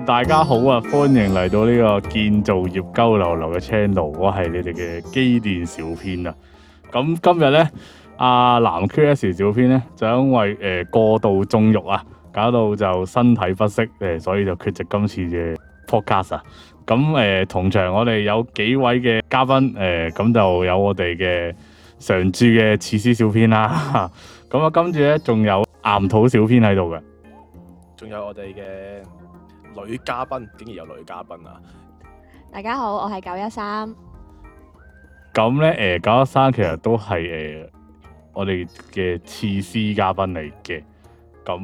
大家好啊，歡迎嚟到呢個建造業交流流嘅 channel，我係你哋嘅機電小編啊。咁今日呢，阿南 QS 小編呢，就因為誒、呃、過度縱欲啊，搞到就身體不適誒、呃，所以就缺席今次嘅 podcast 啊。咁誒、呃，同場我哋有幾位嘅嘉賓誒，咁、呃、就有我哋嘅常駐嘅廁師小編啦。咁啊，跟住呢，仲有岩土小編喺度嘅，仲有我哋嘅。女嘉賓，竟然有女嘉賓啊！大家好，我係九一三。咁咧，誒、呃，九一三其實都係誒、呃，我哋嘅廁師嘉賓嚟嘅。咁，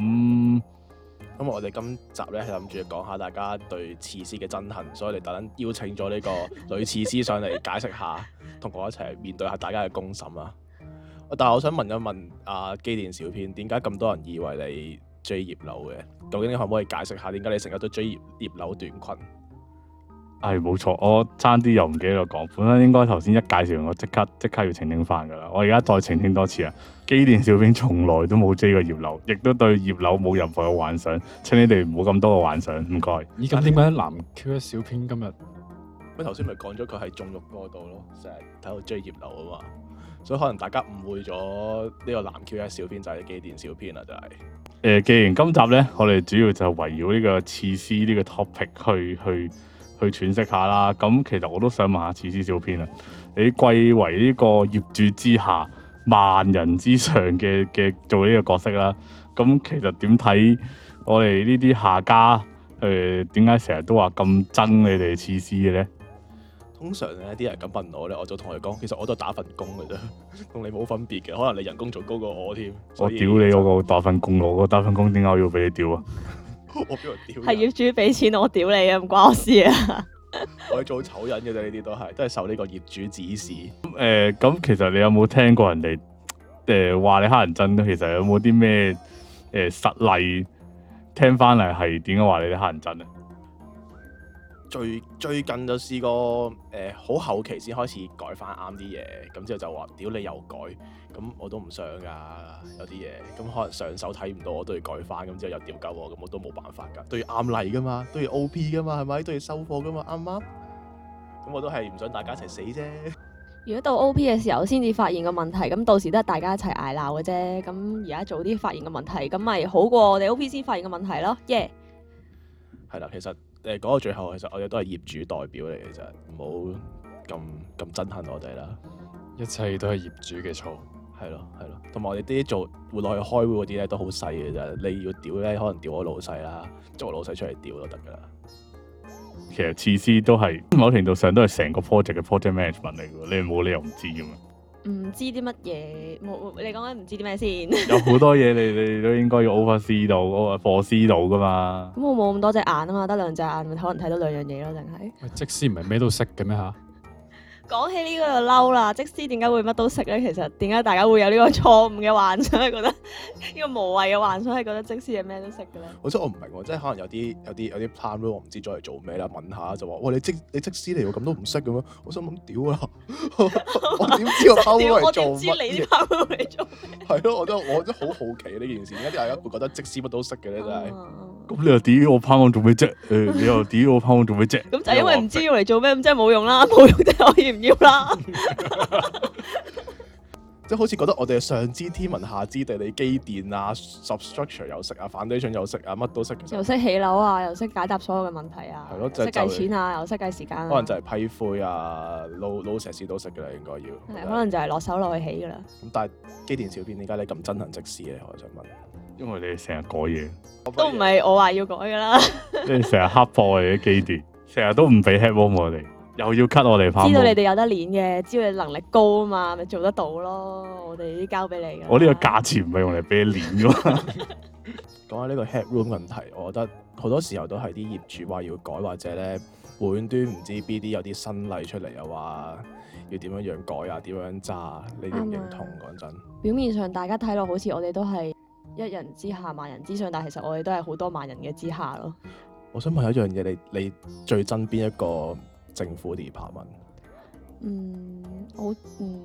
咁我哋今集咧係諗住講下大家對廁師嘅憎恨，所以嚟特登邀請咗呢個女廁師上嚟解釋下，同 我一齊面對下大家嘅公審啊！但係我想問一問阿機電小編，點解咁多人以為你？追葉柳嘅，究竟你可唔可以解釋下點解你成日都追葉葉柳短裙？係冇錯，我差啲又唔記得講，本身應該頭先一介紹我即刻即刻要澄清，清翻噶啦，我而家再澄清，清多次啊！機電小編從來都冇追過葉柳，亦都對葉柳冇任何嘅幻想，請你哋唔好咁多嘅幻想，唔該。咦、哎？而家點解藍 Q 一小編今日？喂，頭先咪講咗佢係縱欲過度咯，成日睇到追葉柳啊嘛，所以可能大家誤會咗呢、這個藍 Q 一小編就係機電小編啦，就係、是。誒、呃，既然今集咧，我哋主要就圍繞呢個廁師呢個 topic 去去去詮釋下啦。咁其實我都想問下廁師小編啊，你貴為呢個業主之下萬人之上嘅嘅做呢個角色啦，咁其實點睇我哋呢啲下家？誒、呃，點解成日都話咁憎你哋廁師嘅咧？通常咧，啲人咁問我咧，我就同佢講：其實我都係打份工嘅啫，同你冇分別嘅。可能你人工仲高過我添。我屌你，我個打份工，我個打份工點解我要俾你屌啊？ 我俾人屌係業主俾錢，我屌你啊！唔關我事啊！ 我哋做醜人嘅啫，呢啲都係都係受呢個業主指示。誒、嗯，咁、呃、其實你有冇聽過人哋誒話你黑人憎？其實有冇啲咩誒實例？聽翻嚟係點解話你啲黑人憎啊？最最近就試過誒，好後期先開始改返啱啲嘢，咁之後就話屌你又改，咁我都唔想㗎，有啲嘢，咁可能上手睇唔到，我都要改返，咁之後又調教我，咁我都冇辦法㗎，都要啱例㗎嘛，都要 OP 㗎嘛，係咪都要收貨㗎嘛，啱唔啱？咁我都係唔想大家一齊死啫。如果到 OP 嘅時候先至發現個問題，咁到時都係大家一齊挨鬧嘅啫。咁而家早啲發現個問題，咁咪好過我哋 OP 先發現個問題咯。Yeah。係啦，其實。誒，講到最後，其實我哋都係業主代表嚟嘅啫，唔好咁咁憎恨我哋啦。一切都係業主嘅錯，係咯係咯。同埋我哋啲做活落去開會嗰啲咧，都好細嘅啫。你要屌咧，可能屌我老細啦，做老細出嚟屌都得噶啦。其實設施都係某程度上都係成個 project 嘅 project management 嚟嘅，你冇理由唔知噶嘛。唔知啲乜嘢，冇冇你講緊唔知啲咩先？有好多嘢你 你都應該要 oversee 到 o v e r 嗰個課師到㗎嘛？咁我冇咁多隻眼啊嘛，得兩隻眼可能睇到兩樣嘢咯，啊，定係？即使唔係咩都識嘅咩？講起呢個就嬲啦，廁師點解會乜都識咧？其實點解大家會有呢個錯誤嘅幻想，覺得呢個無謂嘅幻想係覺得廁師係咩都識嘅咧？我真係我唔明，即係可能有啲有啲有啲 plan 咯，我唔知再嚟做咩啦，問下就話：喂，你即你廁師嚟㗎，咁都唔識咁樣，我想諗屌啊！我點知我 plan 嚟做乜？我知你 plan 嚟做乜？係咯，我都我都好好奇呢件事，點解大家會覺得廁師乜都識嘅咧？真係咁你又點？我 plan 我做咩啫？你又點？我 plan 我做咩啫？咁就因為唔知要嚟做咩，咁即係冇用啦，冇用即可以。要啦，即係好似覺得我哋上知天文下知地理，機電啊、substructure 又識啊、foundation 又識啊，乜都識，又識起樓啊，又識解答所有嘅問題啊，係咯了，識計、就係、錢啊，又識計時間、啊，可能就係批灰啊、老撈石屎都識嘅啦，應該要，可能就係落手落去起噶啦。咁但係機電小編點解你咁憎恨廁師咧？我想問，因為你成日改嘢，都唔係我話要改噶啦， 即係你成日黑波你啲機電，成日都唔俾 heat 我哋。又要 cut 我哋拍知，知道你哋有得練嘅，知道你能力高啊嘛，咪做得到咯。我哋啲交俾你嘅。我呢個價錢唔係用嚟俾你練噶嘛。講下呢個 headroom 問題，我覺得好多時候都係啲業主話要改，或者咧，互端唔知 BD 有啲新例出嚟，又話要點樣樣改啊，點樣揸？你認唔認同講吧真？表面上大家睇落好似我哋都係一人之下萬人之上，但其實我哋都係好多萬人嘅之下咯。我想問一樣嘢，你你最憎邊一個？政府地盤、嗯，嗯，好，嗯，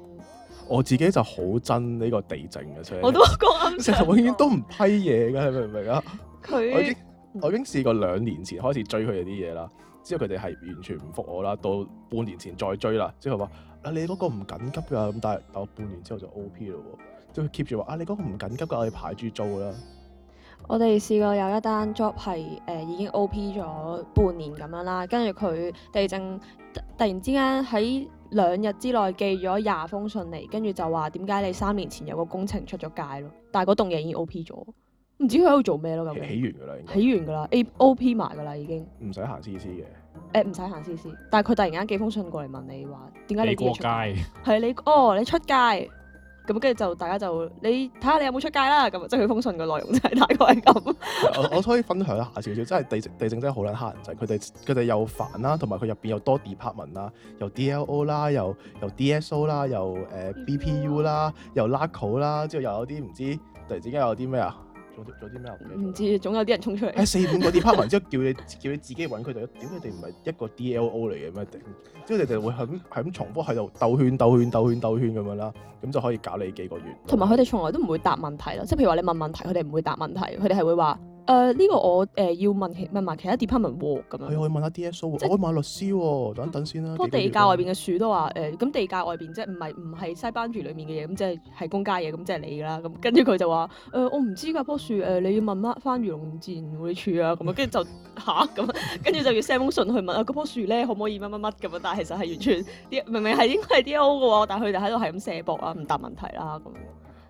我自己就好憎呢個地震嘅，真係我都講、哦，其實永遠都唔批嘢嘅，你明唔明啊？佢他我已經我已經試過兩年前開始追佢哋啲嘢啦，之後佢哋係完全唔覆我啦。到半年前再追啦，之後話啊，你嗰個唔緊急㗎，咁，但係等我半年之後就 O P 啦，即係佢 keep 住話啊，你嗰個唔緊急㗎，我哋排住租㗎啦。我哋試過有一單 job 係誒已經 OP 咗半年咁樣啦，跟住佢地政突然之間喺兩日之內寄咗廿封信嚟，跟住就話點解你三年前有個工程出咗街咯？但係嗰棟嘢已經 OP 咗，唔知佢喺度做咩咯咁。起完㗎啦，起完㗎啦，A OP 埋㗎啦已經。唔使行 C C 嘅，誒唔使行 C C，但係佢突然間寄封信過嚟問你話點解你出街？係你哦，你出街。咁跟住就大家就你睇下你有冇出街啦，咁即係佢封信嘅內容真係大概係咁對。 我我可以分享一下少少，真係地政地政真係好撚黑人仔，佢哋佢哋又煩啦，同埋佢入邊又多 department 啦，又 DLO 啦，又又 DSO 啦，又誒 BPU 啦，又 LACO 啦，之後又有啲唔知突然之間又有啲咩啊？做咗啲咩？唔知總有啲人衝出嚟。誒 四五個 department 之後，叫你 叫你自己揾佢就點？佢哋唔係一個 DLO 嚟嘅咩？即係佢哋會係咁係咁重複喺度兜圈、兜圈、兜圈、兜圈咁樣啦，咁就可以搞你幾個月。同埋佢哋從來都唔會答問題咯， 即係譬如話你問問題，佢哋唔會答問題，佢哋係會話。誒呢、uh, 個我誒、呃、要問起問埋其，其他 department 喎，咁樣佢可以問一下 D.S.O. 即、oh, 我可以問律師喎、哦，等一等先啦、呃就是。不過地界外邊嘅樹都話誒，咁地界外邊即係唔係唔係西班住裡面嘅嘢，咁即係係公家嘢，咁即係你嘅啦。咁跟住佢就話誒、呃，我唔知㗎，棵樹誒、呃，你要問乜番漁農自然護理署啊咁啊，跟住就嚇咁，跟住就要 s 寫封信去問 啊，嗰棵樹咧可唔可以乜乜乜咁啊？但係其實係完全明明係應該係 D.L.O. 嘅喎，但係佢哋喺度係咁卸膊啦，唔答問題啦咁。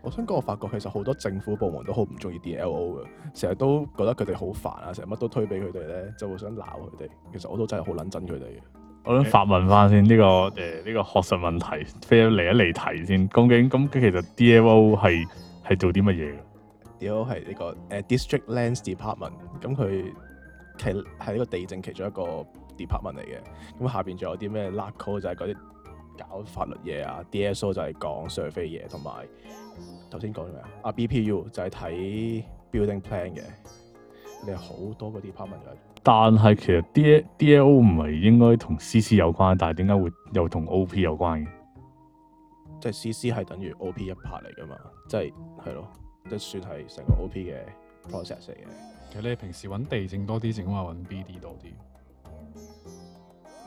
我想講，我發覺其實好多政府部門都好唔中意 DLO 嘅，成日都覺得佢哋好煩啊，成日乜都推俾佢哋咧，就會想鬧佢哋。其實我都真係好撚憎佢哋嘅。我想發問翻先呢個誒呢、呃呢個學術問題，飛嚟離一離題先。究竟咁其實 DLO 係係做啲乜嘢？DLO 係呢個誒、uh, District Lands Department，咁佢係係呢個地政其中一個 department 嚟嘅。咁下邊仲有啲咩？LACO 就係嗰啲搞法律嘢啊，DSO 就係講 survey 嘢同埋。頭先講咗咩啊？啊 BPU 就係睇 building plan 嘅，你好多嗰啲 department，但係其實 D DLO 唔係應該同 CC 有關，但係點解會又同 OP 有關嘅？即係 CC 係等於 OP 一 part 嚟噶嘛？即係係咯，即算係成個 OP 嘅 process 嚟嘅。其實你平時揾地整多啲，定話揾 BD 多啲？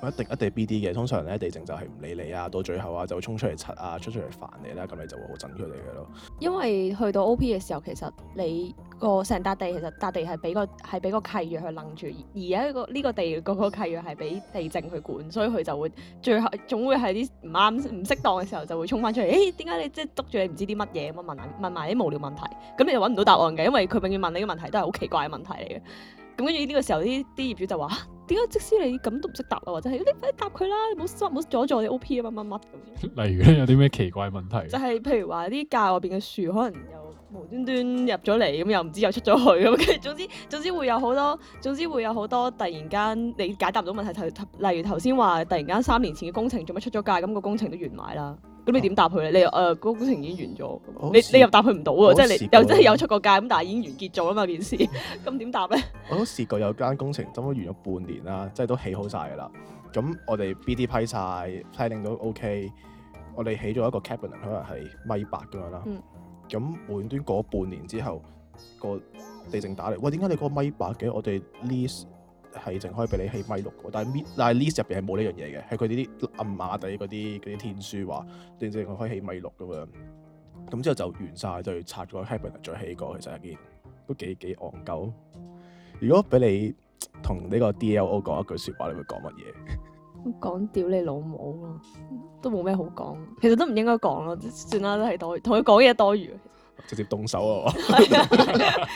一定一定 B 啲嘅，通常咧地政就係唔理你啊，到最後啊就會衝出嚟柒啊，衝出嚟煩你啦，咁你就會好憎佢哋嘅咯。因為去到 O P 嘅時候，其實你個成笪地其實笪地係俾個係俾個契約去楞住，而而喺呢個地個契約係俾地政去管，所以佢就會最後總會係啲唔啱唔適當嘅時候就會衝翻出嚟。誒點解你即係篤住你唔知啲乜嘢咁啊？問問埋啲無聊問題，咁你就揾唔到答案嘅，因為佢永遠問你嘅問題都係好奇怪嘅問題嚟嘅。咁跟住呢個時候，啲啲業主就話：點解即使你咁都唔識答啊？或者係你快啲答佢啦，唔唔好阻住我哋 OP 啊！乜乜乜咁。例如咧，有啲咩奇怪問題？ 就係譬如話啲界外邊嘅樹可能又無端端入咗嚟，咁又唔知又出咗去咁。總之總之會有好多，總之會有好多突然間你解答唔到問題。例如頭先話突然間三年前嘅工程做乜出咗界，咁個工程都完埋啦。咁、啊、你點答佢咧？你誒、呃、工程已經完咗時，你你又答佢唔到喎，即係你又真係有出過界咁，但係已經完結咗啦嘛，件事咁點答咧？我都試過有間工程差唔多完咗半年啦，即係都起好晒㗎啦。咁我哋 B D 批晒，批令都 O K。我哋起咗一個 cabinet 可能係米八咁樣啦。咁末、嗯、端過半年之後，個地政打嚟，喂，點解你嗰個米八嘅？我哋 lease 係淨可以俾你起米六，但係但係 list 入邊係冇呢樣嘢嘅，係佢啲啲暗碼底嗰啲啲天書話，淨淨可以起米六咁樣，咁之後就完晒，就要拆咗 happen 再起過，其實一件都幾幾戇鳩。如果俾你同呢個 DLO 講一句説話，你會講乜嘢？講屌你老母咯、啊，都冇咩好講，其實都唔應該講咯，算啦都係多同佢講嘢多餘。直接動手啊！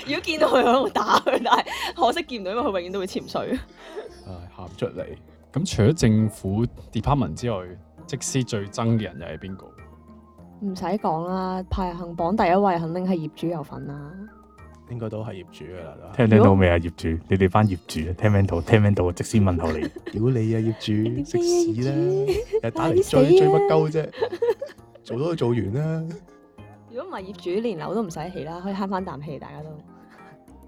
如果見到佢喺度打佢，但係可惜見唔到，因為佢永遠都會潛水。唉，喊唔出嚟！咁除咗政府 department 之外，即係最憎嘅人又係邊個？唔使講啦，排行榜第一位肯定係業主有份啦。應該都係業主噶啦，聽唔聽到未啊？業主，你哋班業主，聽唔聽到？聽唔聽到？即係先問候你，屌你啊！業主，食屎啦！打嚟追追乜鳩啫？做都做完啦。如果唔係業主，連樓都唔使起啦，可以慳翻啖氣，大家都誒、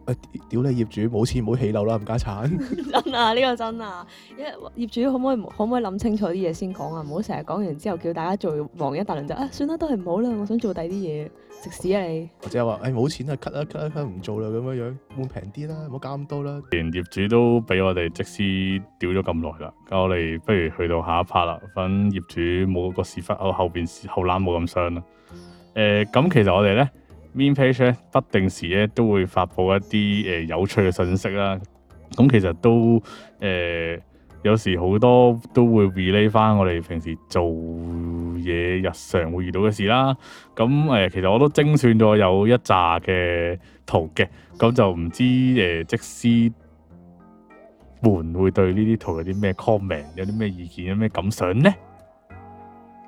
哎、屌你！業主冇錢，唔好起樓啦，唔加產 真啊！呢、呢個真啊！因為業主可唔可以可唔可以諗清楚啲嘢先講啊？唔好成日講完之後叫大家做忙一大輪就啊、哎，算啦，都係唔好啦。我想做第啲嘢，食屎啊你！或者話誒冇錢啊，cut 啦 cut 啦，唔、啊啊啊、做啦咁樣樣換平啲啦，唔好搞咁多啦、啊。連業主都俾我哋即時屌咗咁耐啦，咁我哋不如去到下一 part 啦，揾業主冇個屎忽，後邊後攬冇咁傷啦。Mm hmm. 誒，咁、呃、其實我哋咧，main page 咧，不定時咧都會發布一啲誒、呃、有趣嘅信息啦。咁其實都誒、呃，有時好多都會 relate 翻我哋平時做嘢日常會遇到嘅事啦。咁、嗯、誒、呃，其實我都精算咗有一紮嘅圖嘅，咁就唔知誒、呃，廁師們會對呢啲圖有啲咩 comment，有啲咩意見，有咩感想咧？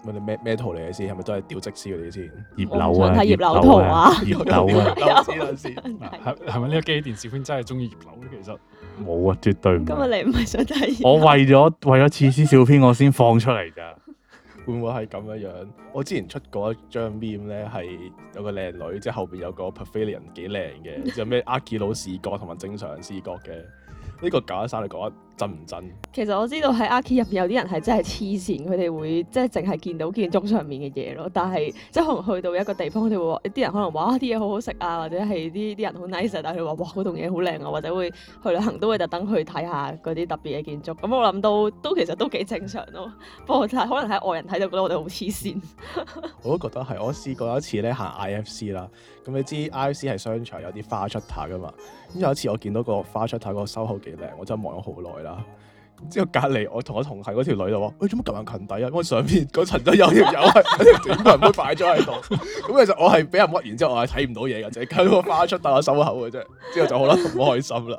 咁你咩咩圖嚟嘅先？係咪都係屌廁師嗰啲先？葉柳啊，葉柳圖啊，葉柳啊，知啦先來。係係咪呢個機電小編真係中意葉柳咧？其實冇啊，絕對唔。今日你唔係想睇葉柳。我為咗為咗廁師小編，我先放出嚟咋。 會唔會係咁樣樣？我之前出過一張 meme 咧，係有個靚女，即後邊有個 Pavilion 幾靚嘅，有咩阿基佬視覺同埋正常視覺嘅。呢、這個一生嚟講。真唔真？震唔震？其實我知道喺 Archie 入邊有啲人係真係黐線，佢哋會即係淨係見到建築上面嘅嘢咯。但係即係可能去到一個地方，佢哋會話啲人可能哇啲嘢好好食啊，或者係啲啲人好 nice，但係佢話哇嗰棟嘢好靚啊，或者會去旅行都會特登去睇下嗰啲特別嘅建築。咁我諗都都其實都幾正常咯。不過就係可能喺外人睇到覺得我哋好黐線。 我都覺得係，我試過一次咧，行 IFC 啦。咁、嗯、你知 I C 係商場有啲花出塔噶嘛？咁、嗯、有一次我見到個花出塔個收口幾靚，我真係望咗好耐啦。之後隔籬我，我同我同學嗰條女就話，喂，做乜咁緊裙底啊？我上面嗰層都有條友係點人都擺咗喺度。咁、 嗯、其實我係俾人屈，完之後我係睇唔到嘢嘅，淨係睇個花出塔個收口嘅啫。之後就好啦，好開心啦。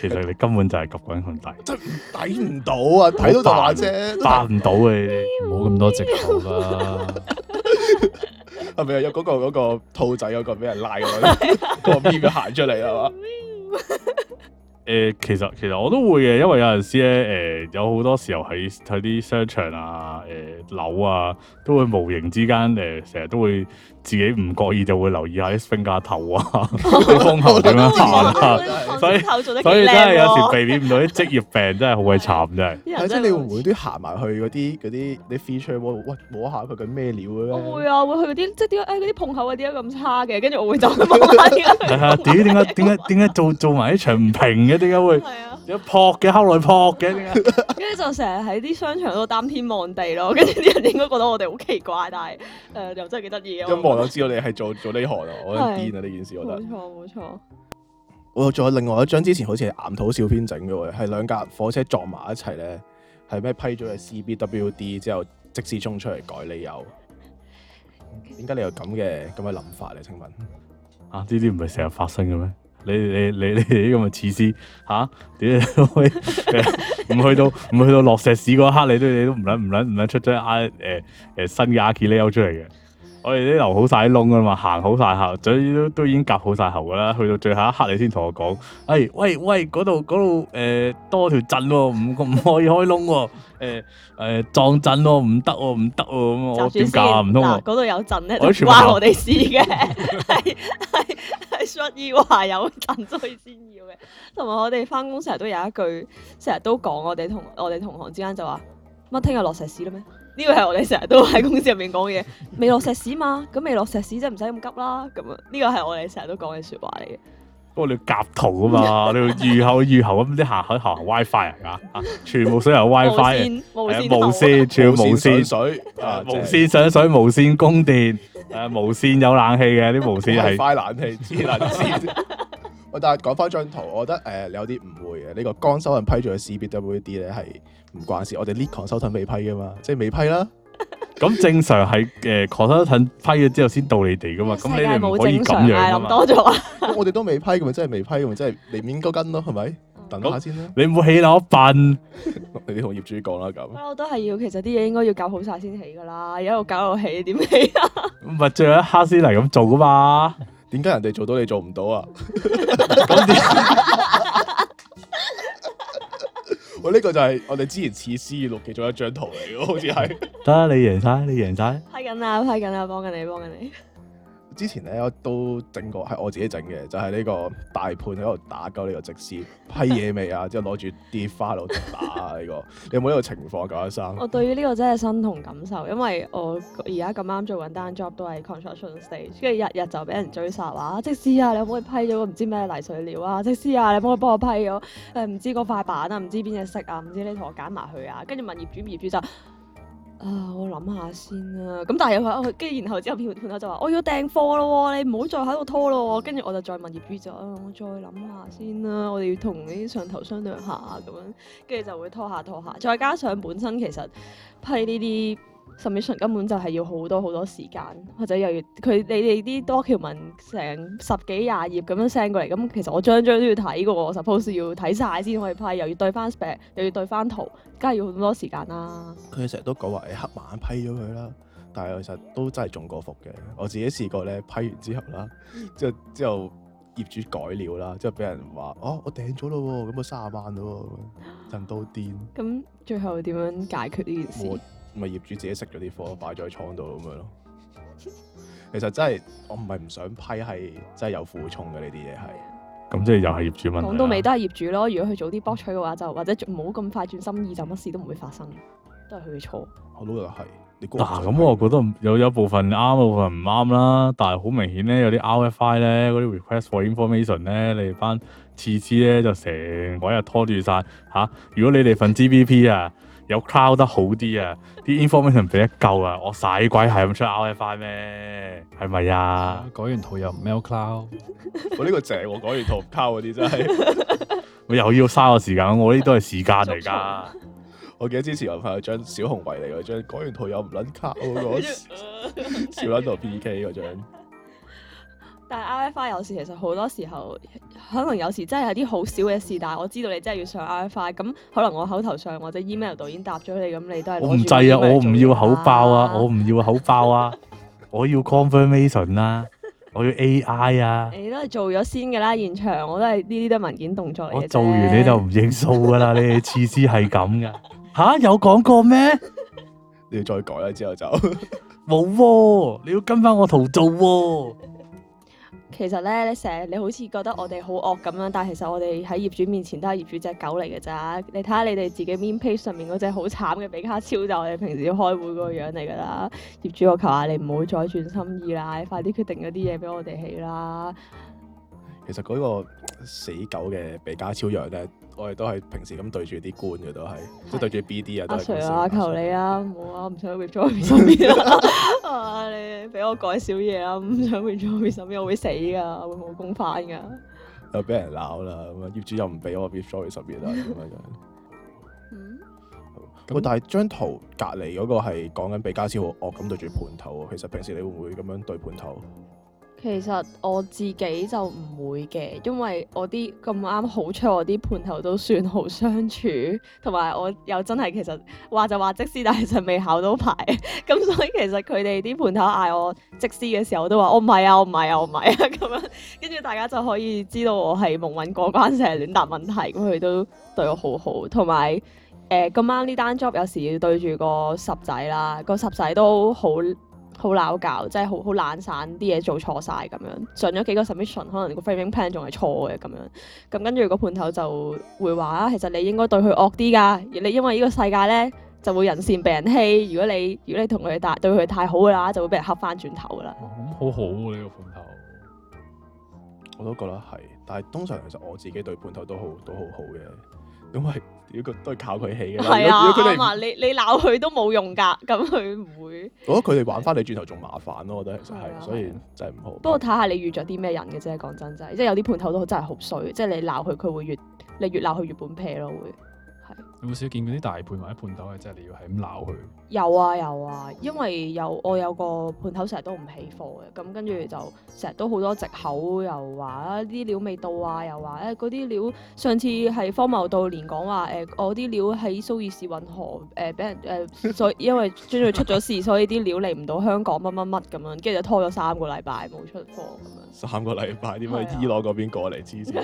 其實你根本就係夾緊裙底，真抵唔到啊！睇 到就話啫，扮唔到嘅，冇咁是多借口啦。 係咪有嗰個嗰個兔仔嗰個俾人拉咁樣，個邊邊行出嚟啊？嘛？誒，其實其實我都會嘅，因為有陣時咧，誒、呃、有好多時候喺喺啲商場啊、誒、呃、樓啊，都會無形之間誒，成、呃、日都會。自己唔覺意就會留意下啲分價頭啊，好風喉點樣行，所以真係有時避免唔到啲職業病，真係好鬼慘真係。即係你會唔會啲行埋去嗰啲嗰啲你 feature 摸下佢緊咩料咧？會啊，會去嗰啲即係點解嗰啲碰口啊點解咁差嘅？跟住我會走唔點解點解點解做做埋啲場唔平嘅？點解會？係啊，有撲嘅敲來撲嘅。點解？跟住就成日喺啲商場度擔天望地咯。跟住啲人應該覺得我哋好奇怪，但係誒又真係幾得意。 我知道你係做做呢行啊，我癲啊！呢件事我覺得冇錯冇錯。我仲 有另外一張，之前好似係岩土小編整嘅，係兩架火車撞埋一齊咧，係咩批咗嘅 CBWD 之後即時衝出嚟改理由。點解你有咁嘅咁嘅諗法咧？請問吓呢啲唔係成日發生嘅咩？你你你你啲咁嘅似師吓？點解唔去到唔去到落石屎嗰一刻，你都你都唔捻唔捻唔捻出咗誒誒新嘅 article 出嚟嘅？我哋啲留好晒窿噶啦嘛，行好晒後，嘴都都已經夾好晒喉噶啦。去到最後一刻，你先同我講，哎，喂喂，嗰度嗰度，誒、呃、多條震喎、哦，唔唔可以開窿喎、哦，誒、呃、撞震喎、哦，唔得喎，唔得喎咁啊！點解唔通嗱，嗰度、啊、有震咧，話我哋知嘅，係係係索爾話有震所以先要嘅。同埋我哋翻工成日都有一句，成日都講，我哋同我哋同行之間就話，乜聽日落石屎嘞咩？呢個係我哋成日都喺公司入面講嘅嘢，未落石屎嘛，咁未落石屎即係唔使咁急啦。咁啊，呢個係我哋成日都講嘅説話嚟嘅。不過你夾圖啊嘛，你要預喉預喉咁啲下海行 WiFi 啊，啊，全部所有 WiFi，無線無線，全部無線水，無線上水無線供電，誒無線有冷氣嘅啲無線係快冷氣智能線。喂，但係講翻張圖，我覺得誒有啲誤會嘅，呢個剛收緊批咗嘅 CBWD 咧係。唔關事，我哋呢 lead consultant 申請未批噶嘛，即係未批啦。咁正常係誒 consultant 批咗之後先到你哋噶嘛。咁你哋唔可以咁樣諗多咗啊！我哋都未批，咁咪真係未批，咁咪真係你免多根咯，係咪？等下先啦。你唔好起攞笨，你同業主講啦。咁我都係要，其實啲嘢應該要搞好晒先起噶啦。而家又搞到起，點起啊？唔係最後一刻先嚟咁做噶嘛？點解人哋做到你做唔到啊？我呢個就係我哋之前似 C 二六嘅其中一張圖嚟嘅，好似係得啦，你贏晒，你贏晒，拍緊啦，拍緊啦，幫緊你，幫緊你。之前咧我都整過，係我自己整嘅，就係、是、呢個大盤喺度打鳩呢個廁師批嘢未啊，之後攞住啲花柳同打啊呢、 這個，你有冇呢個情況啊，九一三？我對於呢個真係身同感受，因為我而家咁啱做緊單 job 都係 construction stage，跟住日日就俾人追殺話、啊，廁師啊，你可唔可以批咗唔知咩泥水料啊？廁師啊，你可唔可以幫我批咗？誒唔知嗰塊板啊，唔知邊隻色啊，唔知你同我揀埋去啊，跟住問業主，業主就～啊，uh, 我諗下先啦。咁但係又佢跟住，然後之後判頭就話我要訂貨咯，你唔好再喺度拖咯。跟住我就再問業主就啊，我再諗下先啦。我哋要同啲上頭商量下咁樣，跟住就會拖下拖下。再加上本身其實批呢啲 Submission 根本就係要好多好多時間，或者又要佢你哋啲多條文成十幾廿頁咁樣 send 過嚟，咁其實我張張都要睇嘅喎，suppose 要睇晒先可以批，又要對翻 spec，又要對翻圖，梗係要好多時間啦。佢哋成日都講話你黑晚批咗佢啦，但係其實都真係中過伏嘅。我自己試過咧批完之後啦，之後之後業主改料啦，之後俾人話哦、啊、我訂咗咯喎，咁我卅萬咯喎，人都癲。咁最後點樣解決呢件事？咁咪業主自己食咗啲貨擺喺倉度咁樣咯。 其實真係我唔係唔想批，係真係有苦衷嘅呢啲嘢係。咁即係又係業主問、啊。講到尾都係業主咯。如果佢早啲索取嘅話就，就或者冇咁快轉心意，就乜事都唔會發生，都係佢嘅錯。我都覺得係。嗱，咁我覺得有有部分啱，部分唔啱啦。但係好明顯咧，有啲 RFI 咧，嗰啲 request for information 咧，你哋班次次咧就成一日拖住晒。嚇、啊。如果你哋份 GBP 啊。 有 cloud 得好啲啊，啲 information 俾得夠啊，我使鬼係咁出 R F I 咩？係咪啊？改完圖又唔 mail cloud，我呢、 哦這個正，我改完圖唔 card 嗰啲真係 ，我又要嘥我時間，我呢都係時間嚟噶。我記得之前有拍有張小紅圍嚟嗰張，張改完圖又唔撚 card 嗰次， 少撚度 P K 嗰張。但係 R F I 有時，其實好多時候，可能有時真係有啲好少嘅事，但係我知道你真係要上 R F I，咁可能我口頭上或者 email 度演答咗你，咁你都係我唔制啊！ 我唔要口爆啊！我唔要口爆啊！我要 confirmation 啦、啊， 我要 A I 啊！你都係做咗先噶啦，現場我都係呢啲都文件動作嚟嘅，做完你就唔認數噶啦！ 你次次係咁噶？吓、 啊？有講過咩？ 你再改啊！之後就冇、 啊，你要跟翻我圖做、啊。其實咧，你成日你好似覺得我哋好惡咁樣，但係其實我哋喺業主面前都係業主隻狗嚟嘅咋。你睇下你哋自己面 page 上面嗰隻好慘嘅比卡超就係平時要開會嗰個樣嚟㗎啦。業主我求下你唔好再轉心意啦，快啲決定嗰啲嘢俾我哋起啦。其實嗰個死狗嘅比卡超樣咧～我哋都係平時咁對住啲官嘅，都係 即係對住 B D 啊！阿 Sir 啊，求你啊，冇啊，唔想 report 上面啊！你俾我， 我改少嘢啊，唔想 report 上面，我會死噶，會冇工翻噶。又俾人鬧啦，業主又唔俾我 report 上面啦，咁啊樣。嗯。咁但係張圖隔離嗰個係講緊俾家姐惡咁對住盤頭喎，其實平時你會唔會咁樣對盤頭？其實我自己就唔會嘅，因為我啲咁啱好彩，好我啲盤頭都算好相處，同埋我又真係其實話就話廁師，但係仲未考到牌，咁 所以其實佢哋啲盤頭嗌我廁師嘅時候，我都話我唔係啊，我唔係啊，我唔係啊，咁、啊、 樣跟住大家就可以知道我係蒙混過關，成日亂答問題，咁佢都對我好好，同埋誒咁啱呢單 job 有時要對住個十仔啦，個十仔都好。好鬧交，即係好好懶散，啲嘢做錯晒。咁樣。上咗幾個 submission，可能個 framing plan 仲係錯嘅咁樣。咁跟住個判頭就會話其實你應該對佢惡啲㗎。你因為呢個世界咧，就會人善被人欺。如果你如果你同佢太對佢太好嘅啦，就會俾人恰翻轉頭啦。咁、嗯、好好喎、啊，呢、這個判頭，我都覺得係。但係通常其實我自己對判頭都好都好好嘅。因為、啊、如果都係靠佢起嘅，係啊。你你鬧佢都冇用噶，咁佢唔會。我覺得佢哋玩翻你轉頭仲麻煩咯，我覺得其實係、就是，所以就係唔好、啊。啊、不過睇下你遇咗啲咩人嘅啫，講真真，即係有啲判頭都真係好衰，即係你鬧佢，佢會越你越鬧佢越本皮咯，會係。有冇少見嗰啲大判或者判頭係真係你要係咁鬧佢？有啊有啊，因為有我有個判頭成日都唔起貨嘅，咁跟住就成日都好多藉口，又話啊啲料未到啊，又話誒嗰啲料上次係荒謬到連講話誒我啲料喺蘇伊士運河誒俾、啊、人誒、啊、所以因為終於出咗事，所以啲料嚟唔到香港乜乜乜咁樣，跟住就拖咗三個禮拜冇出貨咁樣。三個禮拜點解伊朗嗰邊過嚟支持？啲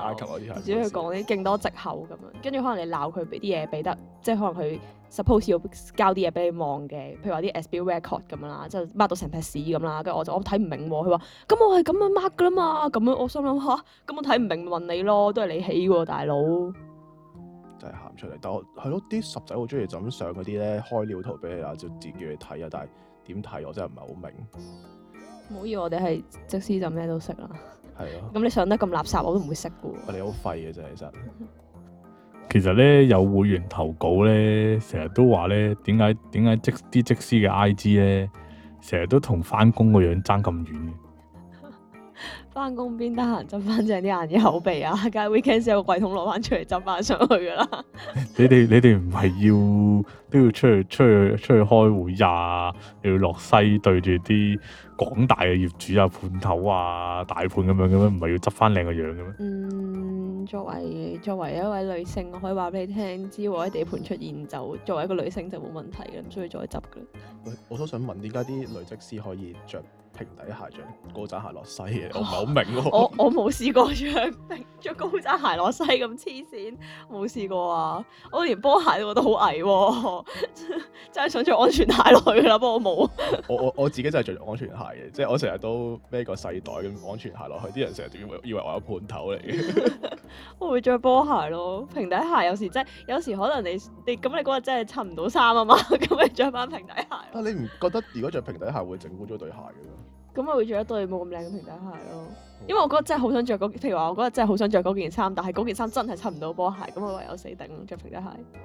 埃及又知佢講啲勁多藉口咁樣，跟住可能你鬧佢俾啲嘢俾得。即係可能佢 suppose 要交啲嘢俾你望嘅，譬如話啲 S B record 咁樣啦，即係 mark 到成撇屎咁啦，跟住我就我睇唔明喎。佢話：咁我係咁樣 mark 㗎啦嘛，咁樣我心諗吓，咁我睇唔明問你咯，都係你起喎、啊，大佬。真係喊出嚟，但係係咯，啲十仔好中意就咁上嗰啲咧，開尿圖俾你啊，就叫你睇啊，但係點睇我真係唔係好明。唔好以為我哋係廁師就咩都識啦。係啊的，咁、 嗯、你上得咁垃圾，我都唔會識嘅喎、啊啊。你好廢嘅真係，其實。 其實咧有會員投稿咧，成日都話咧點解點解啲廁師嘅 IG 咧，成日都同返工個樣爭咁遠嘅。翻工邊得閒執翻正啲眼耳口鼻啊，梗係 weekend 先有個櫃桶攞翻出嚟執翻上去噶啦。你哋你哋唔係要都要出去出去出去開會呀、啊？又要落西對住啲廣大嘅業主啊、盤頭啊、大盤咁樣嘅咩？唔係要執翻靚個樣嘅咩？嗯，作為作為一位女性，我可以話俾你聽，只要我喺地盤出現就，作為一個女性就冇問題啦，唔需要再執噶。我我都想問，點解啲女廁師可以着平底鞋着高踭鞋落西嘅，我唔係好明喎。我我冇試過着平高踭鞋落西咁黐線，冇試過啊！我連波鞋都覺得好矮喎， 真係想着安全鞋落去啦，不過我冇。我我我自己真係着咗安全鞋嘅，即係我成日都孭個細袋咁安全鞋落去，啲人成日點會以為我有判頭嚟嘅。 我會着波鞋咯，平底鞋有時真係，有時可能你你咁你嗰日真係襯唔到衫啊嘛，咁 你着翻平，平底鞋。但你唔覺得如果着平底鞋會整污咗對鞋嘅咩？咁我會着一對冇咁靚嘅平底鞋咯，因為我覺得真係好想著嗰，譬如話我覺得真係好想著嗰件衫，但係嗰件衫真係襯唔到波鞋，咁我唯有死頂着平底鞋。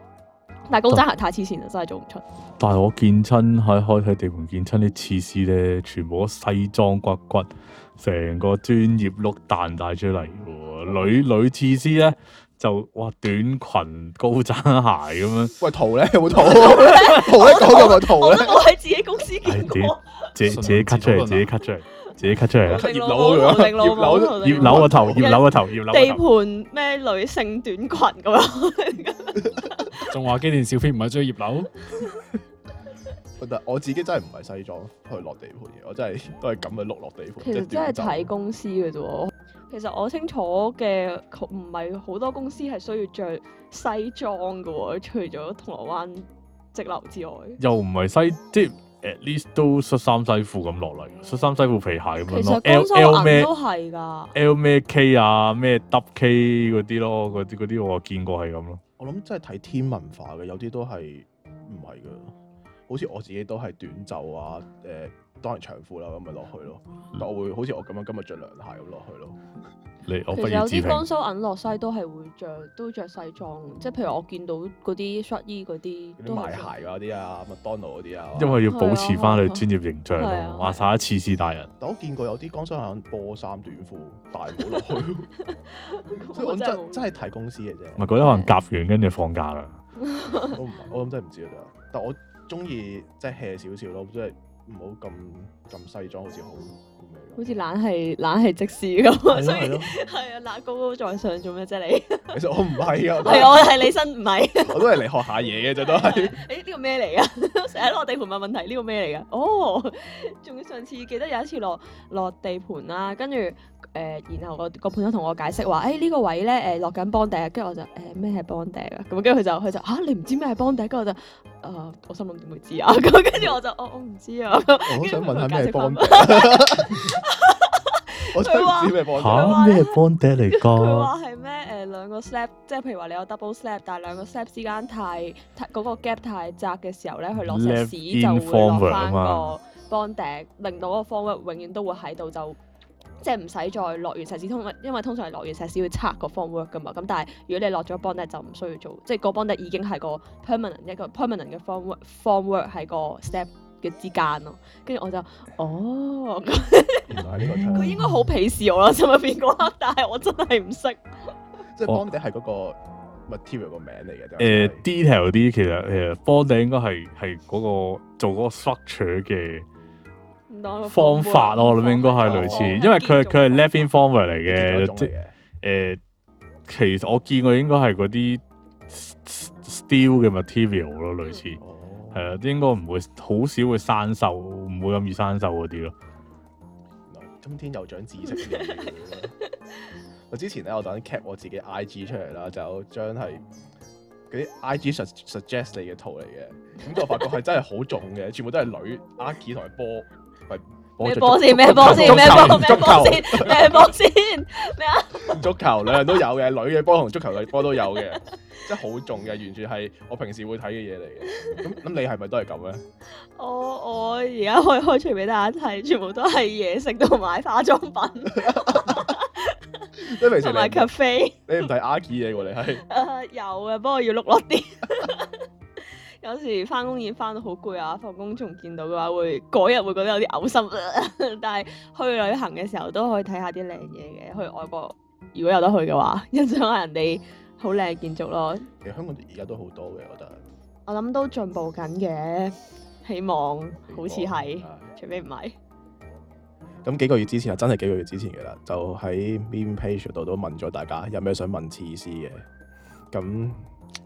但係高踭鞋太黐線啦，但真係做唔出。但係我見親喺開喺地盤見親啲刺絲咧，全部都西裝骨骨，成個專業碌彈帶出嚟喎、呃，女女刺絲咧。就哇短裙高踭鞋咁樣，喂，圖咧有冇圖咧？冇喺自己公司見過，自己自己 cut 出嚟，自己 cut 出嚟，自己 cut 出嚟。葉柳，葉柳個頭，葉柳個頭，葉柳。地盤咩女性短裙咁樣，仲話機電小編唔係中意葉柳？但係我自己真係唔係西咗，去落地盤嘢。我真係都係咁樣碌落地盤。其實真係睇公司嘅啫。其實我清楚嘅，唔係好多公司係需要着西裝噶喎、哦，除咗銅鑼灣直流之外，又唔係西，即係 at least 都恤衫西褲咁落嚟，恤衫西褲皮鞋咁樣。其實工裝都係㗎，L 咩 K 啊，咩 W K 嗰啲咯，嗰啲嗰啲我見過係咁咯。我諗真係睇天文化嘅，有啲都係唔係㗎。好似我自己都係短袖啊，誒當然長褲啦，咁咪落去咯。但我會好似我咁樣今日着涼鞋咁落去咯。你有啲江蘇銀落西都係會着，都着西裝，即係譬如我見到嗰啲 shirt 嗰啲賣鞋嗰啲啊，麥當勞嗰啲啊，因為要保持翻你專業形象咯，話晒一次是大人。但我見過有啲江蘇銀波衫短褲大帽落去，所以真真係睇公司嘅啫。唔係嗰啲可能夾完跟住放假啦。我諗真係唔知啦，但我。中意即 hea 少少咯，即係唔好咁咁細裝，好似好好似懶係懶係即時咁啊！ 所以係啊，立吧 高高在上做咩啫你？其實我唔係啊，係 我係你身唔係？ 我都係嚟學下嘢嘅啫，都係對。誒呢個咩嚟噶？成日落地盤問問題，呢個咩嚟噶？哦，仲上次記得有一次落落地盤啦，跟住誒，然後個、呃、個盤友同我解釋話，誒、欸、呢、呢個位咧誒落緊幫地，跟住我就誒咩係邦地啊，咁跟住佢就佢就嚇你唔知咩係邦地，跟住我就。欸誒，uh, 我心諗點會知啊？咁跟住我就，哦、我我唔知啊。咁 說，我想問下咩 bond？佢話咩 b 咩 啊、b 嚟講？ 佢話係咩？誒，兩個 slab，即係譬如話你有 double slab，但係兩個 slab 之間太、嗰、嗰個 gap 太窄嘅時候咧，佢落石屎就會落翻個 bondek，令到個 formwork 永遠都會喺度就。即係唔使再落完石屎，通因為通常係落完石屎要拆，拆個 formwork 噶嘛。咁但係如果你落咗 b o 就唔需要做，即係個 b o 已經係個 permanent 一個 permanent 嘅 formwork，formwork 喺 form work 個 step 嘅之間咯。跟住我就，哦，原來呢、這個，佢、呃為呃、應該好鄙視我咯，心入邊嗰刻，但係我真係唔識。即係 bond 係嗰個 material 個名嚟嘅，就誒 detail 啲其實誒 bond 咧應該係嗰個做嗰個 structure 嘅。方法咯，我諗應該係類似，因為佢佢係 left in f o r m e r 嚟嘅，即誒、呃，其實我見過應該係嗰啲 steel 嘅 material 咯，類似，啊、哦，應該唔會好少會生鏽，唔會咁易生鏽嗰啲咯。今天又長知識嘅嘢。 我之前咧，我等緊 cap 我自己 IG 出嚟啦，就將係嗰啲 IG suggest 你嘅圖嚟嘅，咁就發覺係真係好重嘅，全部都係女阿 kie 同埋波。 係波先咩？波先咩？波咩？波先咩？波先咩啊！足球兩樣都有嘅，女嘅波同足球女波都有嘅，即係好重嘅，完全係我平時會睇嘅嘢嚟嘅。咁咁你係咪都係咁咧？我我而家可以開出嚟俾大家睇，全部都係嘢食同埋化妝品，即係平時買咖啡。你唔睇阿基嘢過嚟係？誒，有嘅，不過要碌落啲。有時翻工已經翻到好攰啊，放工仲見到嘅話會，會嗰日會覺得有啲嘔心。呃、但係去旅行嘅時候都可以睇下啲靚嘢嘅，去外國如果有得去嘅話，欣賞下人哋好靚建築咯。其實香港而家都好多嘅，我覺得。我諗都進步緊嘅，希望，希望好似係，的除非唔係。咁幾個月之前係真係幾個月之前嘅啦，就喺 meme page 度都問咗大家有咩想問廁師嘅，咁。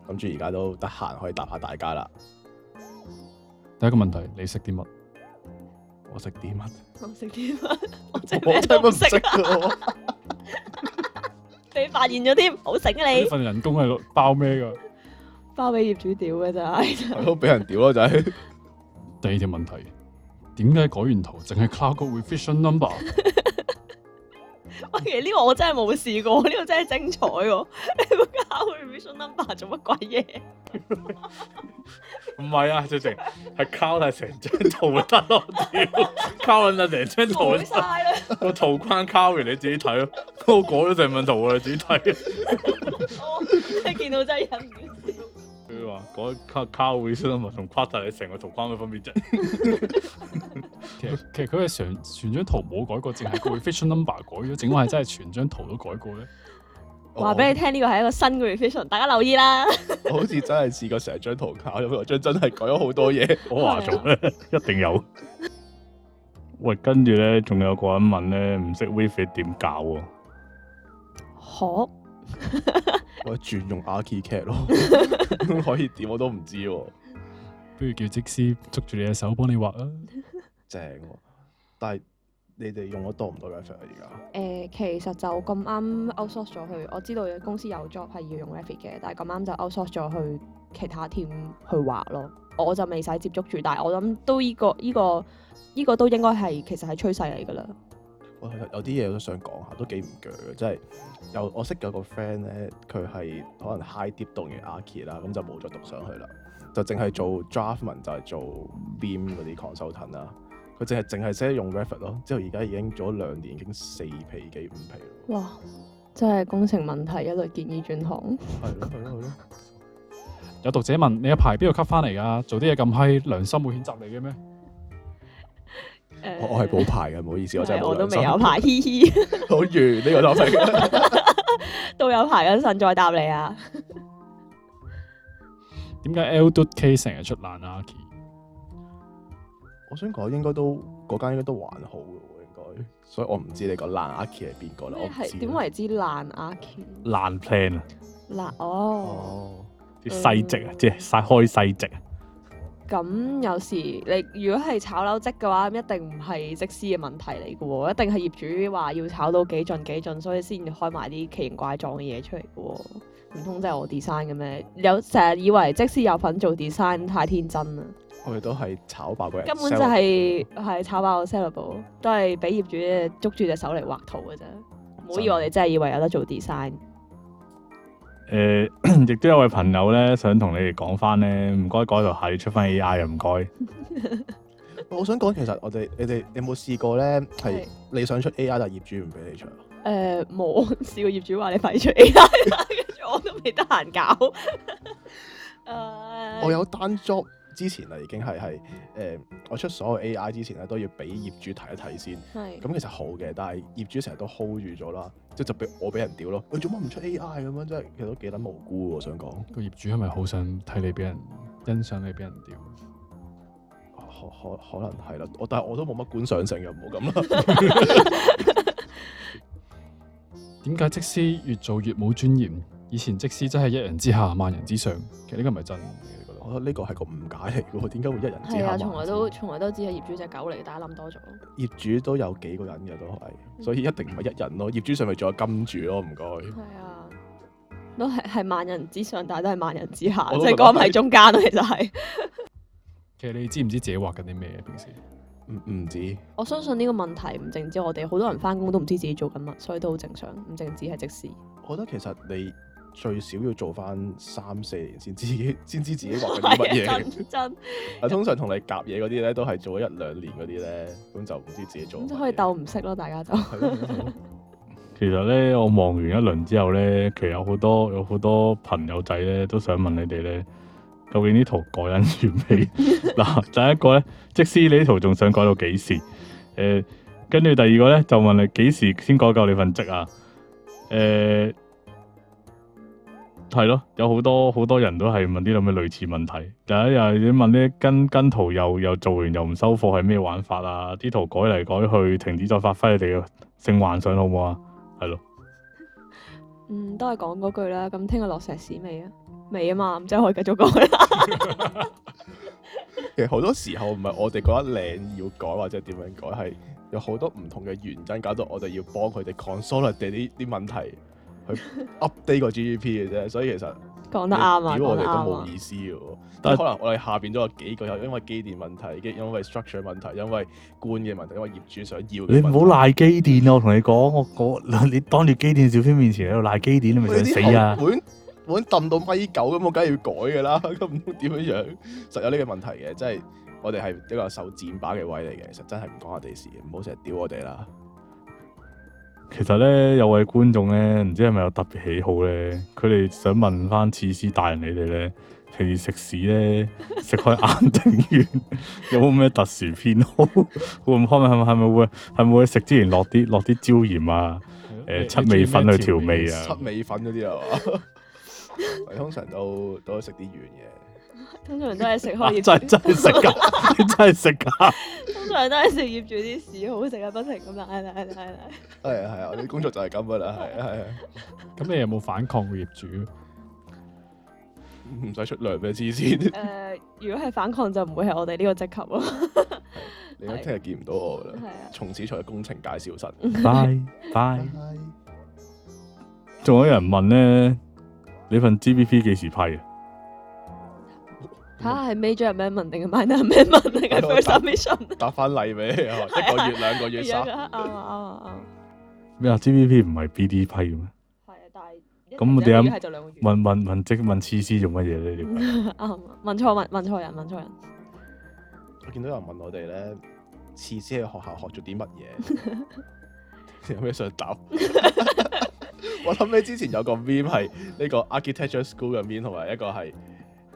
諗住而家都得閒可以答下大家啦。第一個問題，你識啲乜？我識啲乜？我識啲乜？我真係唔識啊！你發現咗添，好醒 你份人工係包咩噶？ 包俾業主屌嘅咋？都俾人屌咯，就係，是。 哎、 第二條問題，點解改完圖淨係 cloud 個 revision number？ 其實呢個我真係冇試過，呢、這個真係精彩喎！你交完 vision number 做乜鬼嘢？唔係啊，直情係 cut 曬成張圖得囉，cut 晒啊成張圖，我圖框 cut 完你自己睇咯，我改咗成份圖你自己睇。我一見到真係忍唔住笑。話改 card card number 同 card 成個圖框嘅分別啫？ 其實其實佢係成全張圖冇改過，淨係改 revision number 改咗，整話係真係全張圖都改過咧。話俾你聽呢個係一個新嘅 revision，大家留意啦。哦、我好似真係試過成張圖搞，有張真係改咗好多嘢。我話做咧一定有。喂， 跟住咧仲有個人問咧，唔識 weave 點搞啊？可、哦？ 我轉 用 ArchiCAD 咯， 可以點我都唔知、啊，不 如叫則師捉住你嘅手幫你畫啦， 正、啊。但係你哋用得多唔多 Revit 啊？而家誒，其實就咁啱 outsource 咗去，我知道公司有 job 係要用 Revit 嘅，但係咁啱就 outsource 咗去其他 team 去畫咯，我就未使接觸住。但係我諗都依、這個依、這個依、這個都應該係其實係趨勢嚟噶啦。有啲嘢我都想講下，都幾唔鋸嘅，即係有我識咗個 friend 咧，佢係可能 high deep 讀完阿 K 啦，咁就冇再讀上去啦，就淨係做 draft 文，就係做 beam 嗰啲狂手藤啦，佢淨係淨係識得用 refer 咯，之後而家已經做咗兩年，已經四皮幾五皮咯。哇！即係工程問題，一類建議轉行。係咯係咯係咯。 有讀者問：你一排邊度吸翻嚟㗎？做啲嘢咁閪，良心會譴責你嘅咩？我我係冇牌嘅，唔好意思，我真係我都未有牌，嘻嘻。好完呢個 topic，都有牌嘅，順再答你啊。點解 L d Case 成日出爛阿 Key？我想講應該都嗰間應該都還好嘅，應該，所以我唔知你講爛阿 Key 係邊個啦。我係點為之爛阿 Key？爛 plan 啊！爛哦哦，細植啊，即係開細植啊。咁有時你如果係炒樓則嘅話，一定唔係則師嘅問題嚟嘅喎，一定係業主話要炒到幾盡幾盡，所以先開埋啲奇形怪狀嘅嘢出嚟嘅喎，唔通真係我 design 嘅咩？有成日以為則師有份做 design，太天真啦！我哋都係炒爆嗰人，根本就係、係、係炒爆個 sellable 都係俾業主捉住隻手嚟畫圖嘅啫，唔好以為你真係以為有得做 design。誒，亦都、呃、有位朋友咧，想同你哋講翻咧，唔該，改台下出翻 A I 啊，唔該。我想講，其實我哋你哋有冇試過咧，係你想出 A I，但係業主唔俾你出。誒、呃，冇試過業主話你快出 A I，跟住我都未得閒搞。 uh、我有單作。之前啦，已經係係誒，我出所有 AI 之前咧，都要俾業主睇一睇先。係咁是、欸，其實好嘅，但係業主成日都 hold 住咗啦，即係就俾我俾人屌咯。佢做乜唔出 AI 咁樣？真係其實都幾撚無辜，我想講個業主係咪好想睇你俾人欣賞你俾人屌、啊？可可可能係啦，我但係我都冇乜觀賞性，又唔好咁啦。點解 廁師越做越冇尊嚴？以前廁師真係一人之下萬人之上，其實呢個唔係真。我覺得呢個係個誤解嚟嘅喎，點解會一人之下？係啊，從來都從來都只係業主隻狗嚟，大家諗多咗。業主都有幾個人嘅都係，嗯、所以一定唔係一人咯。業主上咪仲有金主咯，唔該。係啊，都係係萬人之上，但係都係萬人之下，即係講喺中間咯、啊。其實係。其實你知唔知自己畫緊啲咩啊？平時唔唔知。我相信呢個問題唔淨止我哋，好多人翻工都唔知自己做緊乜，所以都好正常。唔淨止係即時。我覺得其實你。最少要做翻三四年先知，先 知自己畫緊啲乜嘢。真啊，通常同你夾嘢嗰啲咧，都係做一兩年嗰啲咧，咁就唔知自己做。咁就可以鬥唔識咯，大家就。其實咧，我望完一輪之後咧，其實有好多有好多朋友仔咧，都想問你哋咧，究竟呢圖改緊完未？嗱，第一個咧，即使你呢圖仲想改到幾時？誒、呃，跟住第二個咧，就問你幾時先改夠你份職啊？誒、呃。係咯，有好多好多人都係問啲咁嘅類似問題，第一日你問呢，跟跟圖又又做完又唔收貨係咩玩法啊？啲圖改嚟改去，停止再發揮你哋嘅性幻想好唔好啊？係咯，嗯，都係講嗰句啦。咁聽日落石屎未啊？未啊嘛，咁即係可以繼續改啦。 其實好多時候唔係我哋覺得靚要改或者點樣改，係有好多唔同嘅原因，搞到我哋要幫佢哋 consolidate 呢啲問題。佢 update 個 GGP 嘅啫，所以其實講得啱啊，如果我哋都冇意思嘅。但係是可能我哋下邊都有幾個，又因為機電問題，因為 structure 問題，因為官嘅問題，因為業主想要。你唔好賴機電啊！我同你講，我我你當住機電小編面前喺度賴機電，你咪想死啊！本本抌到米九咁，我梗係要改噶啦，咁唔通點樣樣？實有呢個問題嘅，即係我哋係一個受箭靶嘅位嚟嘅，其實真係唔關我哋事，唔好成日屌我哋啦。其實咧有位觀眾咧唔知係咪有特別喜好咧，佢哋想問翻廁師大人你哋咧，平時食屎咧食開硬定軟， 有冇咩特殊偏好？ 是是會唔會係咪係咪會係咪會食之前落啲落啲椒鹽啊？誒七味粉去調味啊？七味粉嗰啲係嘛？通常都都食啲軟嘢。通常都係食開業， 真真係食噶、啊，真係食噶、啊。 通常都係食業主啲屎，好食啊，不停咁嚟嚟嚟嚟。係啊係啊，我哋工作就係咁噶啦，係啊係啊。咁你有冇反抗過業主？唔使出糧咩，黐線。誒，如果係反抗就唔會係我哋呢個職級咯。你聽日見唔到我啦，係 啊，從此做工程介紹神。拜拜。仲有人問咧，你份 G B P 幾時批啊？吓係 major 咩文定係 minor 咩文嚟嘅？三咩三？答翻例畀你，一個月兩個月三。咩啊？G V P 唔係 B D P 嘅咩？係啊，但係咁我點啊？問問問即問廁師做乜嘢咧？啱，問錯問問錯人問錯人。我見到有人問我哋咧，廁師喺學校學咗啲乜嘢？有咩想答？我諗起之前有個 Vim 係呢個 architecture school 嘅 Vim，同埋一個係。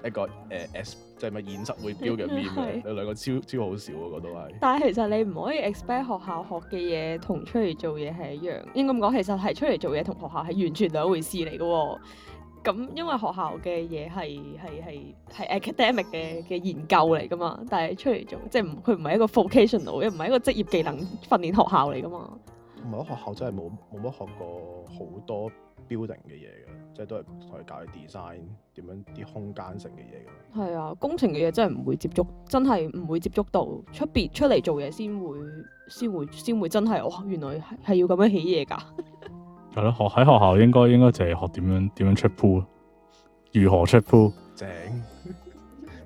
一個誒，uh, as, 即係咪現實會 b 嘅邊有兩個超超好笑，啊、那個，嗰都係。但係其實你唔可以 expect 學校學嘅嘢同出嚟做嘢係一樣。應該咁講，其實係出嚟做嘢同學校係完全兩回事嚟噶，哦。咁因為學校嘅嘢係係係係 academic 嘅嘅研究嚟噶嘛。但係出嚟做即係佢唔係一個 vocational 唔係一個職業技能訓練學校嚟噶嘛。唔係，學校真係冇冇乜學過好多 building 嘅嘢嘅，即係都係同佢教你 design。點樣啲空間性嘅嘢嘅？係啊，工程嘅嘢真係唔會接觸，真係唔會接觸到出邊出嚟做嘢先會先會先會真係哦，原來係要咁樣起嘢噶。係 咯，學喺學校應該應該就係學點樣點樣出鋪，如何出鋪正？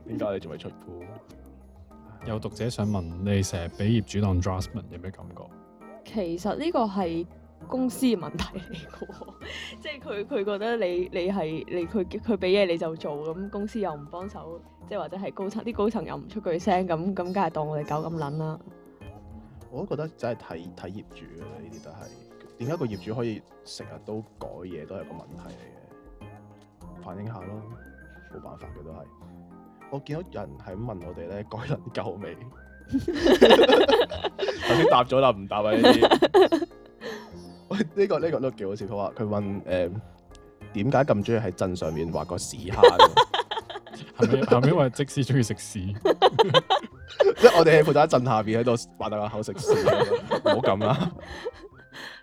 點解 你仲係出鋪？ 有讀者想問你成日俾業主當 draftman 有咩感覺？其實呢個係。公司問題嚟嘅， 即係佢佢覺得你你係你佢佢俾嘢你就做，咁公司又唔幫手，即係或者係高層啲高層又唔出句聲，咁咁梗係當我哋狗咁撚啦。我都覺得真係睇睇業主啊，呢啲都係點解個業主可以成日都改嘢都係個問題嚟嘅，反映下咯，冇辦法嘅都係。我見到有人係咁問我哋咧，改能夠未？頭先答咗啦，唔答啊呢啲。 呢個呢個都幾好笑。佢話：佢問誒點解咁中意喺鎮上面畫個屎蝦嘅？ 後屘後屘話：即使中意食屎， 即係我哋喺負責喺鎮下邊喺度畫大個口食屎，唔好咁啦。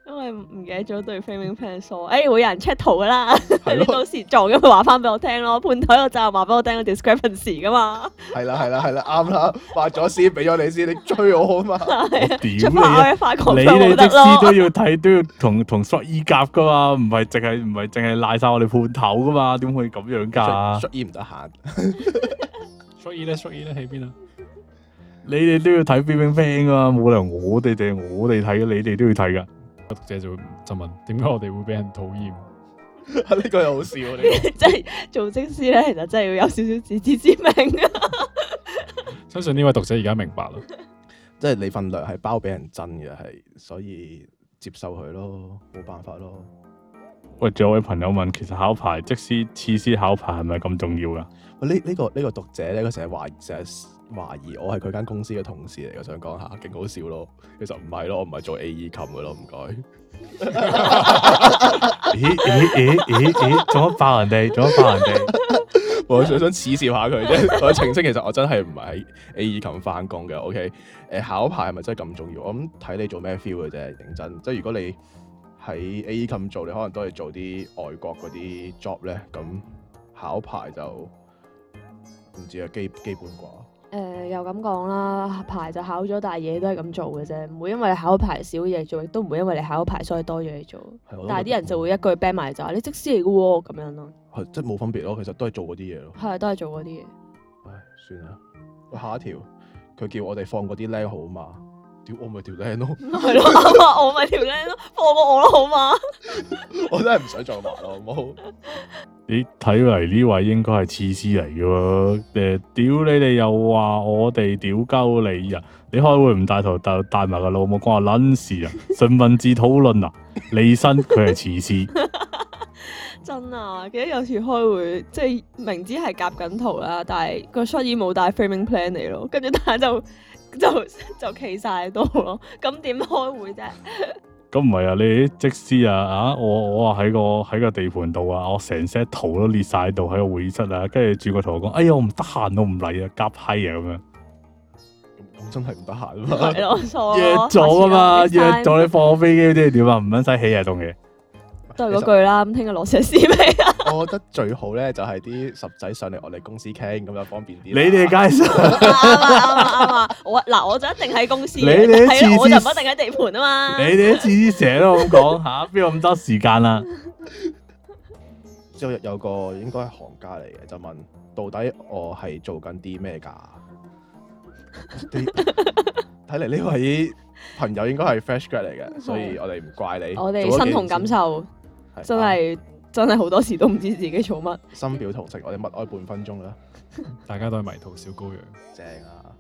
因為唔記得咗對飛 wing pair 所，誒會有人 check 圖噶啦。你到時撞咗佢話翻俾我聽咯，判台我就任話俾我聽個 discrepancy 嘅嘛。係啦係啦係啦，啱啦，發咗先，俾咗你先，你追我好嘛？我屌噗 你啊！你哋啲師都要睇，都要同同縮衣夾噶嘛，唔係淨係唔係淨係賴晒我哋判頭噶嘛？點、啊、可以咁樣噶？縮衣唔得閒，縮衣咧縮衣咧喺邊啊？你哋都要睇飛 wing pair 嘅嘛，冇理由我哋定我哋睇，你哋都要睇噶。個讀者就會就問：點解我哋會俾人討厭？呢、 啊這個又好笑、啊。即係 做廁師咧，其實真係要有少少自知之明、啊。 相信呢位讀者而家明白啦。即係 你份糧係包俾人真嘅，係所以接受佢咯，冇辦法咯。喂，仲有位朋友問：其實考牌，即使次師考牌係咪咁重要噶？喂、哦，呢、這、呢個呢、這個這個讀者咧，佢成日懷疑。懷疑我係佢間公司嘅同事嚟，我想講下，勁好笑咯。其實唔係咯，我唔係做 A E 琴嘅咯，唔該。咦咦咦咦咦，做乜爆人哋？做乜爆人哋？ 我想想恥笑下佢啫，我澄清，其實我真係唔係喺 A E 琴翻工嘅。O K，誒，考牌係咪真係咁重要？我咁睇你做咩 feel 嘅啫，認真。即係如果你喺 A E 琴做，你可能都係做啲外國嗰啲 job 咧，咁考牌就唔知啊基基本啩。誒、呃，又咁講啦，牌就考咗，但係嘢都係咁做嘅啫，唔會因為你考咗牌少嘢做，亦都唔會因為你考咗牌所以多嘢做。嗯、但係啲人就會一句 band 埋就話你廁師嚟嘅喎，咁樣咯。係、嗯，即係冇分別咯，其實都係做嗰啲嘢咯。係，都係做嗰啲嘢。唉，算啦，喂，下一條佢叫我哋放嗰啲靚號嘛。我咪條靚咯，係咯， 我咪條靚咯，放過 我咯好嘛？我真係唔想再埋咯，好冇？ 你睇嚟呢位應該係廁師嚟嘅喎，誒，屌你哋又話我哋屌鳩你啊！你開會唔帶圖帶帶埋個老母，關我卵事啊？純文字討論啊？李生佢係廁師， 真啊！記得有次開會，即係明知係夾緊圖啦，但係個 short 爾冇帶 framing plan 嚟咯，跟住但係就。 就就企晒喺度咯，咁點開會啫？咁唔係啊，你即職啊，啊，我我話喺個喺個地盤度啊，我成 set 圖都裂晒喺度，喺個會議室啊，跟住轉個頭講，哎呀，我唔得閒，我唔嚟啊，夾閪啊咁樣。咁真係唔得閒啊嘛， 約咗啊嘛，次次約咗你放我飛機啲點啊？唔使、嗯、起夜凍嘢。都係嗰句啦，咁聽日攞成紙未啊？我覺得最好咧就係、是、啲十仔上嚟我哋公司傾，咁又方便啲。你哋梗係上 啊嘛啊，啊，啊我嗱、啊、我就一定喺公司。你哋一次我就唔一定喺地盤啊嘛。你哋一次之成都咁講嚇，邊、 啊、有咁多時間啊？之後有個應該係行家嚟嘅，就問到底我係做緊啲咩㗎？睇嚟呢位朋友應該係 fresh grad 嚟嘅，的所以我哋唔怪你。我哋身同感受。真係真係好多時都唔知自己做乜，深表同情。我哋默哀半分鐘啦， 大家都係迷途小羔羊，正啊！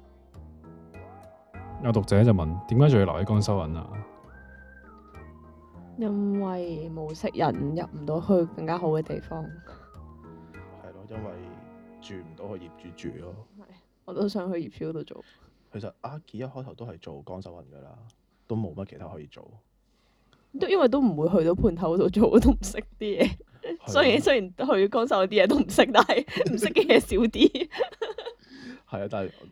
有讀者就問：點解仲要留喺江收雲啊？因為冇識人入唔到去更加好嘅地方，係咯， 因為住唔到去業主住咯。我都想去葉飄度做。 其實阿 K 一開頭都係做江收雲噶啦，都冇乜其他可以做。都因為都唔會去到判頭度做，我都唔識啲嘢。雖然的雖然去江蘇啲嘢都唔識，但係唔識嘅嘢少啲。係啊， 但係我，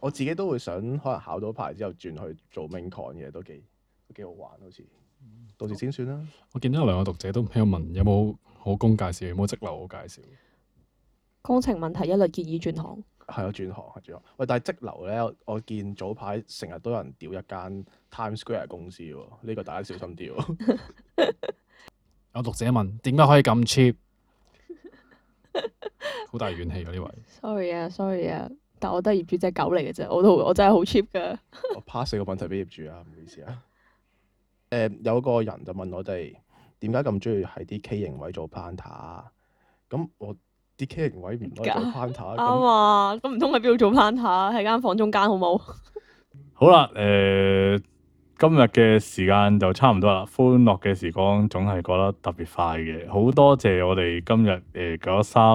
我自己都會想，可能考到牌之後轉去做 main con 嘅，都幾都幾好玩，好似到時先算啦。好我見到我兩個讀者都喺我問，有冇好工介紹，有冇職流好介紹？工程問題一律建議轉行。係啊，轉行係轉行。喂，但係積流咧，我見早排成日都有人屌一間 Times Square 公司喎。呢、這個大家小心啲 有讀者問點解可以咁 cheap？ 好大怨氣啊呢位。 sorry 啊，sorry 啊，但係我得業主隻狗嚟嘅啫，我都我真係好 cheap 㗎。 我 pass 四個問題俾業主啊，唔好意思啊。誒、 呃，有個人就問我哋點解咁中意喺啲 K 型位做 panda？咁我。啲 K 型位唔攞做 planter，啱啊！咁唔通喺邊度做 planter 啊？喺間房中間好冇？好、呃、啦，誒今日嘅時間就差唔多啦。歡樂嘅時光總係過得特別快嘅。好多謝我哋今日誒嗰三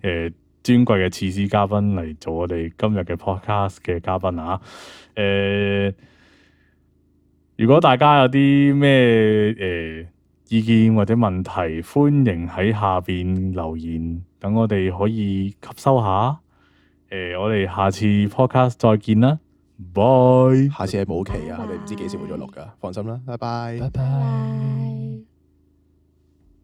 誒尊貴嘅廁師嘉賓嚟做我哋今日嘅 podcast 嘅嘉賓啊！誒、呃，如果大家有啲咩誒、呃意見或者問題，歡迎喺下邊留言，等我哋可以吸收下。誒、呃，我哋下次 podcast 再見啦，bye。下次係冇期啊，我哋唔知幾時會再錄㗎，放心啦，拜拜。拜拜。